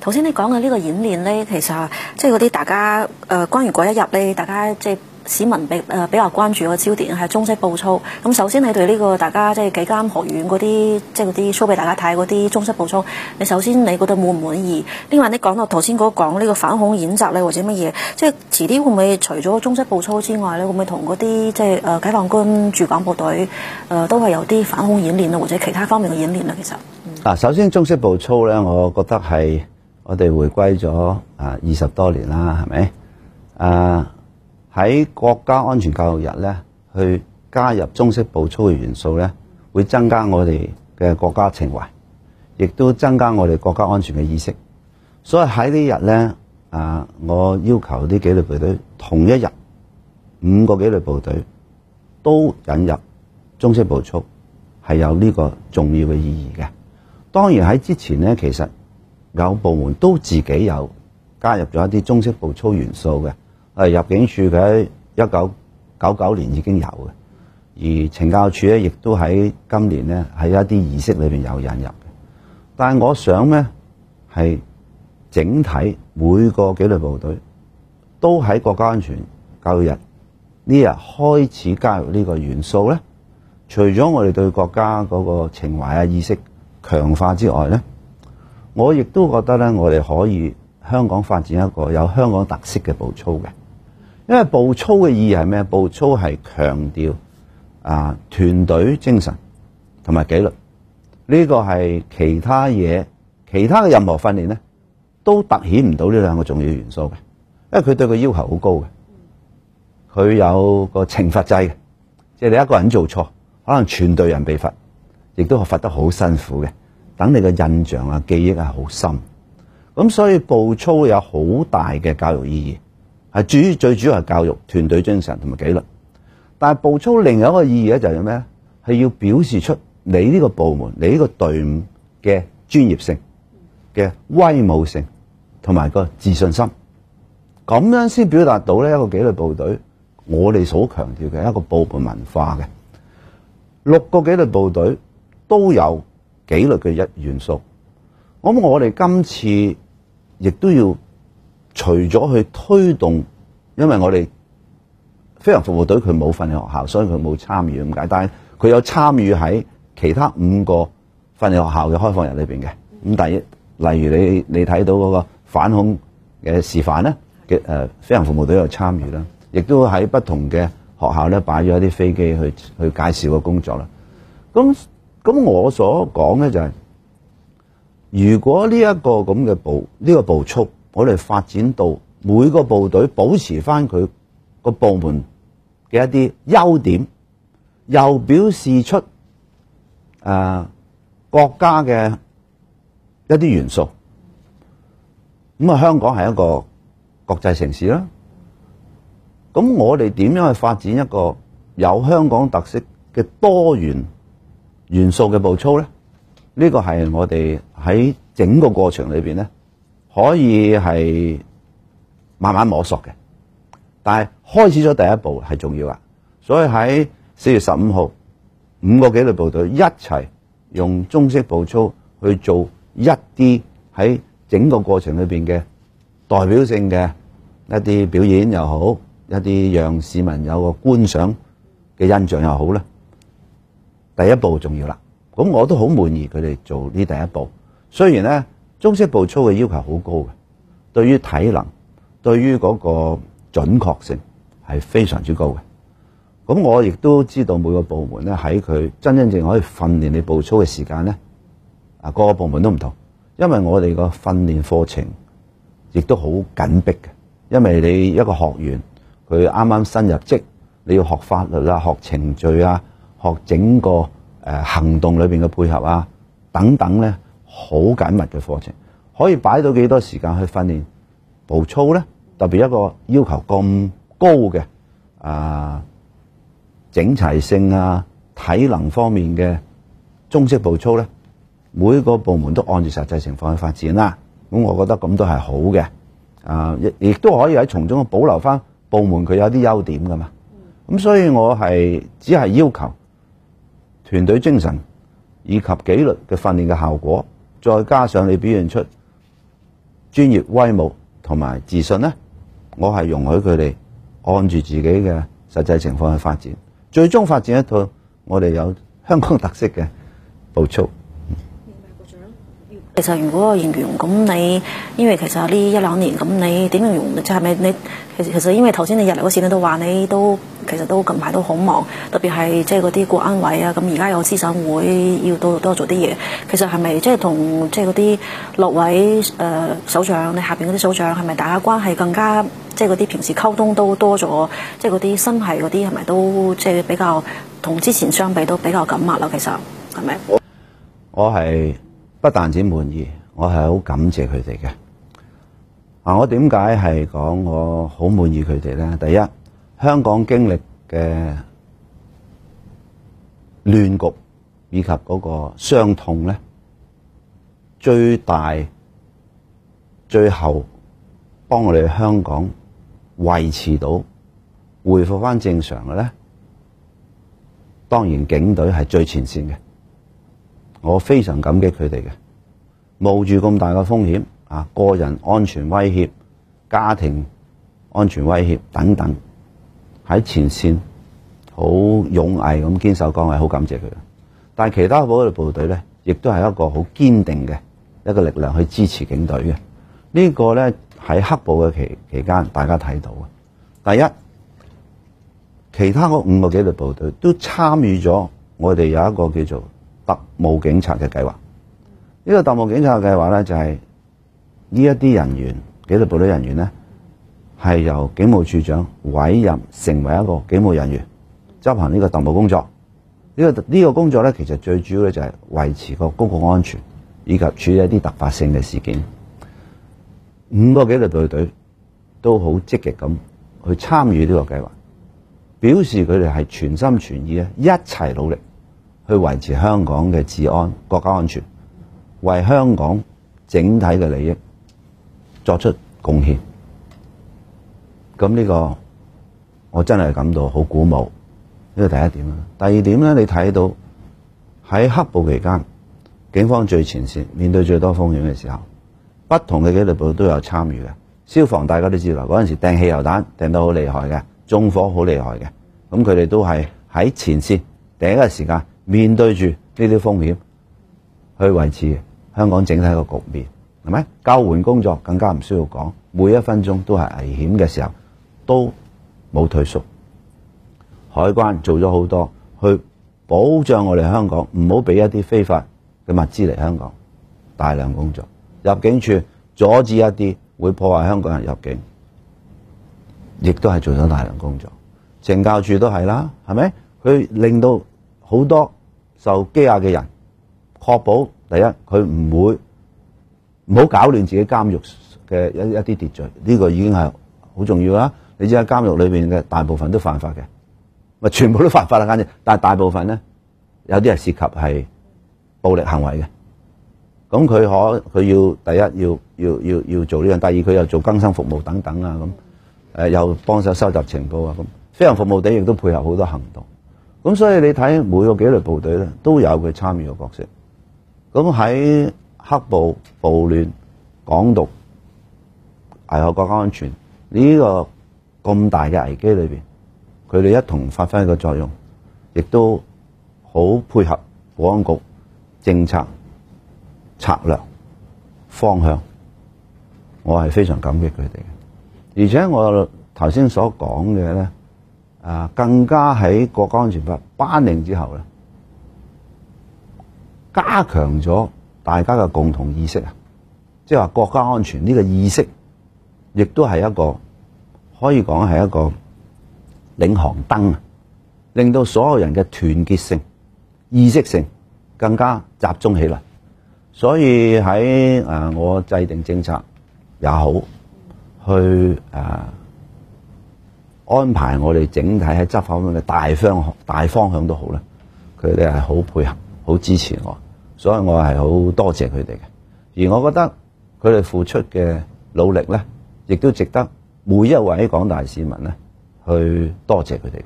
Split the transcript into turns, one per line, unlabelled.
頭先你講嘅呢個演練咧，其實即係嗰啲大家誒、呃、關於嗰一日咧，大家即係市民比誒比較關注嘅焦點係中式步操。咁首先你對呢個大家即係幾間學院嗰啲即係嗰啲 show 俾大家睇嗰啲中式步操，你首先你覺得滿唔滿意？另外你講到頭先嗰講呢個反恐演習咧，或者乜嘢，即係遲啲會唔會除咗中式步操之外咧，會唔會同嗰啲即係誒解放軍駐港部隊誒、呃、都係有啲反恐演練啊，或者其他方面嘅演練啊？其實嗱，嗯、首先中式步操咧，我覺得係。我哋回歸咗啊二十多年啦，係咪？啊喺國家安全教育日咧，去加入中式步操嘅元素咧，會增加我哋嘅國家情懷，亦都增加我哋國家安全嘅意識。所以喺呢日咧，啊，我要求啲紀律部隊同一日五個紀律部隊都引入中式步操，係有呢個重要嘅意義嘅。當然喺之前咧，其實。有部門都自己有加入咗一啲中式步操元素嘅，誒入境處佢喺一九九九年已經有嘅，而懲教處咧亦都喺今年咧喺一啲儀式裏邊有引入嘅。但係我想咧，係整體每個紀律部隊都喺國家安全教育日呢日開始加入呢個元素咧。除咗我哋對國家嗰個情懷啊意識強化之外咧。我亦都覺得咧，我哋可以香港發展一個有香港特色嘅步操嘅，因為步操嘅意義係咩？步操係強調啊團隊精神同埋紀律，呢個係其他嘢，其他嘅任何訓練咧都突顯唔到呢兩個重要元素嘅，因為佢對個要求好高嘅，佢有個懲罰制嘅，即係你一個人做錯，可能全隊人被罰，亦都係罰得好辛苦嘅。等你嘅印象啊，記憶係好深，咁所以步操有好大嘅教育意義，係主最主要係教育團隊精神同埋紀律。但係步操另一個意義咧，就係咩？係要表示出你呢個部門，你呢個隊伍嘅專業性嘅威武性同埋個自信心，咁樣先表達到呢一個紀律部隊，我哋所強調嘅一個部門文化嘅六個紀律部隊都有。紀律嘅一元素，咁我哋今次亦都要除咗去推動，因為我哋飛行服務隊佢冇訓練學校，所以佢冇參與，咁解。但係佢有參與喺其他五個訓練學校嘅開放日裏邊嘅。咁但係例如你你睇到嗰個反恐嘅示範咧嘅誒，飛行服務隊有參與啦，亦都喺不同嘅學校咧擺咗一啲飛機去去介紹嘅工作啦。咁咁我所講咧就係，如果呢一個咁嘅步，呢個步速，我哋發展到每個部隊保持返佢個部門嘅一啲優點，又表示出誒國家嘅一啲元素。咁啊，香港係一個國際城市啦。咁我哋點樣去發展一個有香港特色嘅多元元素嘅步操咧，呢個係我哋喺整個過程裏邊咧，可以係慢慢摸索嘅。但係開始咗第一步係重要啊。所以喺四月十五號，五個紀律部隊一齊用中式步操去做一啲喺整個過程裏邊嘅代表性嘅一啲表演又好，一啲讓市民有個觀賞嘅印象又好咧。第一步重要啦，咁我都好滿意佢哋做呢第一步。雖然咧中式步操嘅要求好高嘅，對於體能、對於嗰個準確性係非常之高嘅。咁我亦都知道每個部門咧喺佢真真正可以訓練你步操嘅時間咧，啊各個部門都唔同，因為我哋個訓練課程亦都好緊迫嘅，因為你一個學員佢啱啱新入職，你要學法律啊、學程序啊、學整個。誒行動裏面嘅配合啊，等等咧，好緊密嘅課程，可以擺到幾多時間去訓練步操咧？特別一個要求咁高嘅啊，整齊性啊，體能方面嘅中式步操咧，每個部門都按住實際情況去發展啦啊。咁我覺得咁都係好嘅啊，亦亦都可以喺從中保留翻部門佢有啲優點㗎嘛。咁所以我係只係要求。團隊精神以及紀律嘅訓練嘅效果，再加上你表現出專業威武同埋自信呢，我係容許佢哋按住自己嘅實際情況去發展，最終發展一套我哋有香港特色嘅步操。其實如果個人員咁你，因為其實呢一兩年咁你點樣用，即係咪你其實其實，因為頭先你入嚟嗰時你都話你都。其實都近排都好忙，特別係即係嗰啲國安委啊，咁而家有資審會要多多做啲嘢。其實係咪即係同即係嗰啲六位、呃、首長你下面嗰啲首長係咪大家關係更加即係嗰啲平時溝通都多咗？即係嗰啲新係嗰啲係咪都即係比較同之前相比都比較緊密啦？其實係咪？我我我係不但止滿意，我係好感謝佢哋嘅。我點解係講我好滿意佢哋咧？第一。香港經歷嘅亂局以及嗰個傷痛呢，最大最後幫我哋香港維持到恢復返正常嘅呢。當然警隊係最前線嘅，我非常感激佢哋嘅冒住咁大嘅風險啊，個人安全威脅、家庭安全威脅等等。喺前線好勇毅咁堅守崗位，好感謝佢。但係其他保力部隊咧，亦都係一個好堅定嘅一個力量去支持警隊嘅。呢個咧喺黑暴嘅期期間，大家睇到嘅。第一，其他嗰五個紀律部隊都參與咗我哋有一個叫做特務警察嘅計劃。呢個特務警察嘅計劃咧，就係呢一啲人員紀律部隊人員咧。係由警務處長委任成為一個警務人員，執行呢個特務工作。呢個呢個工作咧，其實最主要咧就係維持個公共安全，以及處理一啲突發性嘅事件。五個紀律部隊都好積極咁去參與呢個計劃，表示佢哋係全心全意一齊努力去維持香港嘅治安、國家安全，為香港整體嘅利益作出貢獻。咁呢個我真係感到好鼓舞，呢個第一點啦。第二點咧，你睇到喺黑暴期間，警方最前線面對最多風險嘅時候，不同嘅紀律部都有參與嘅。消防大家都知道，嗰陣時掟汽油彈掟到好厲害嘅，縱火好厲害嘅，咁佢哋都係喺前線第一個時間，面對住呢啲風險去維持香港整體個局面，係咪？救援工作更加唔需要講，每一分鐘都係危險嘅時候。都冇退縮，海關做咗好多去保障我哋香港，唔好俾一啲非法嘅物資嚟香港，大量工作，入境處阻止一啲會破壞香港人入境，亦都係做咗大量工作，懲教處都係啦，係咪？佢令到好多受羈押嘅人確保第一，佢唔會唔好搞亂自己監獄嘅一一啲秩序，呢個已經係好重要啦。你知喺監獄裏面嘅大部分都犯法嘅，全部都犯法啦，簡直。但係大部分咧，有啲係涉及係暴力行為嘅。咁佢可佢要第一要要要要做呢樣，第二佢又做更生服務等等啊，咁誒又幫手收集情報啊，咁飛行服務隊亦都配合好多行動。咁所以你睇每個紀律部隊咧都有佢參與嘅角色。咁喺黑暴暴亂、港獨、危害國家安全呢個咁大嘅危機裏邊，佢哋一同發揮個作用，亦都好配合保安局政策策略方向。我係非常感激佢哋嘅，而且我頭先所講嘅咧，啊，更加喺國家安全法頒令之後咧，加強咗大家嘅共同意識啊，即係話國家安全呢個意識，亦都係一個。可以講係一個領航燈啊，令到所有人嘅團結性、意識性更加集中起來。所以喺我制定政策也好，去安排我哋整體喺執法方面嘅大方大方向都好咧，佢哋係好配合、好支持我，所以我係好多謝佢哋嘅。而我覺得佢哋付出嘅努力呢，亦都值得。每一位廣大市民咧，去多謝佢哋。